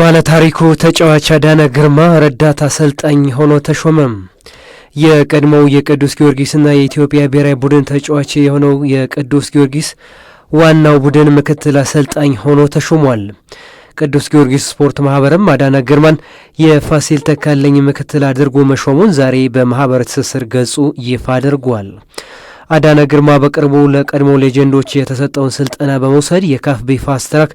ባለታሪኩ ተጫዋች አዳነ ግርማ ረዳት አሰልጣኝ ሆኖ ተሾመም። የቀድሞው የቅዱስ ጊዮርጊስና የኢትዮጵያ ብሔራዊ ቡድን ተጫዋች የሆነው የቅዱስ ጊዮርጊስ ዋናው ቡድን ምክትል አሰልጣኝ ሆኖ ተሾሟል። ቅዱስ ጊዮርጊስ ስፖርት ማህበርም አዳነ ግርማን የፋሲል ተካለኝ ምክትል አድርጎ መሾሙን ዛሬ በማህበር ትስስር ገጹ ይፋ አድርጓል። አዳነ ግርማ በቅርቡ ለቀድሞ ሌጀንዶች የተሰጠውን ስልጠና በመውሰድ የካፍ ፋስትራክ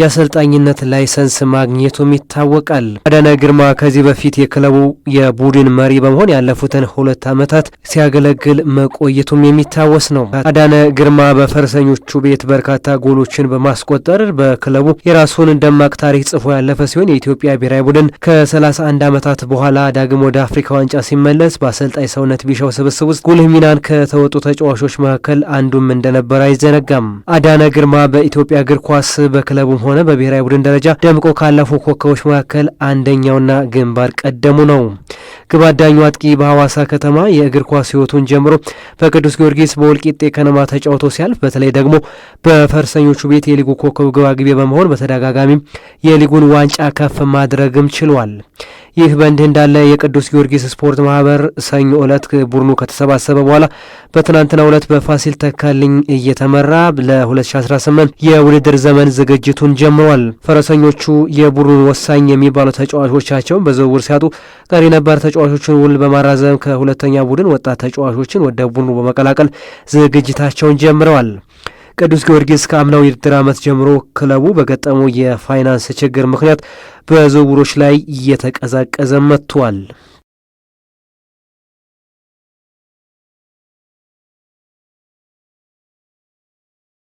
የአሰልጣኝነት ላይሰንስ ማግኘቱም ይታወቃል። አዳነ ግርማ ከዚህ በፊት የክለቡ የቡድን መሪ በመሆን ያለፉትን ሁለት ዓመታት ሲያገለግል መቆየቱም የሚታወስ ነው። አዳነ ግርማ በፈረሰኞቹ ቤት በርካታ ጎሎችን በማስቆጠር በክለቡ የራሱን ደማቅ ታሪክ ጽፎ ያለፈ ሲሆን የኢትዮጵያ ብሔራዊ ቡድን ከ31 ዓመታት በኋላ ዳግም ወደ አፍሪካ ዋንጫ ሲመለስ በአሰልጣኝ ሰውነት ቢሻው ስብስብ ውስጥ ጉልህ ሚናን ከተወጡ ተጫዋቾች መካከል አንዱም እንደነበር አይዘነጋም። አዳነ ግርማ በኢትዮጵያ እግር ኳስ በክለቡም ሆነ በብሔራዊ ቡድን ደረጃ ደምቆ ካለፉ ኮከቦች መካከል አንደኛውና ግንባር ቀደሙ ነው። ግብ አዳኙ አጥቂ በሐዋሳ ከተማ የእግር ኳስ ህይወቱን ጀምሮ በቅዱስ ጊዮርጊስ በወልቂጤ ከነማ ተጫውቶ ሲያልፍ በተለይ ደግሞ በፈርሰኞቹ ቤት የሊጉ ኮከብ ግባግቤ በመሆን በተደጋጋሚ የሊጉን ዋንጫ ከፍ ማድረግም ችሏል። ይህ በእንዲህ እንዳለ የቅዱስ ጊዮርጊስ ስፖርት ማህበር ሰኞ ዕለት ቡድኑ ከተሰባሰበ በኋላ በትናንትና ዕለት በፋሲል ተካልኝ እየተመራ ለ2018 የውድድር ዘመን ዝግጅቱን ጀምሯል። ፈረሰኞቹ የቡድኑን ወሳኝ የሚባሉ ተጫዋቾቻቸውን በዝውውር ሲያጡ ቀሪ ነባር ተጫዋቾችን ውል በማራዘም ከሁለተኛ ቡድን ወጣት ተጫዋቾችን ወደ ቡድኑ በመቀላቀል ዝግጅታቸውን ጀምረዋል። ቅዱስ ጊዮርጊስ ከአምናው የውድድር ዓመት ጀምሮ ክለቡ በገጠመው የፋይናንስ ችግር ምክንያት በዝውውሮች ላይ እየተቀዛቀዘ መጥቷል።